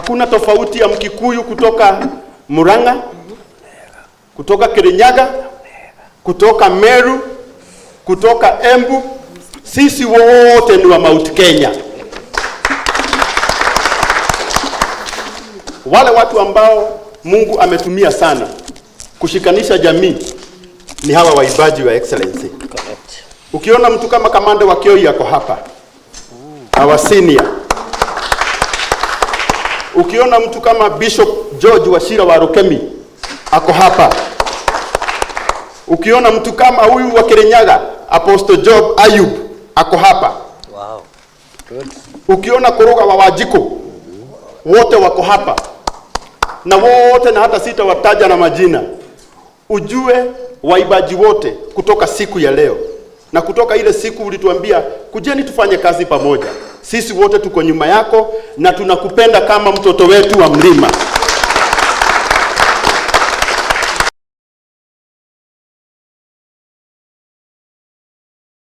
hakuna tofauti ya Mkikuyu kutoka Murang'a, kutoka Kirinyaga, kutoka Meru, kutoka Embu, sisi wote ni wa Mount Kenya. Wale watu ambao Mungu ametumia sana kushikanisha jamii ni hawa waibaji wa excellency. Ukiona mtu kama kamanda wa Kioi yako hapa, our senior Ukiona mtu kama Bishop George Washira wa Rukemi ako hapa, ukiona mtu kama huyu wa Kirinyaga Apostle Job Ayub ako hapa wow. Ukiona Kuruga wa Wajiko wote wako hapa na wote, na hata sitawataja na majina, ujue waibaji wote kutoka siku ya leo na kutoka ile siku ulituambia kujeni tufanye kazi pamoja. Sisi wote tuko nyuma yako na tunakupenda kama mtoto wetu wa mlima.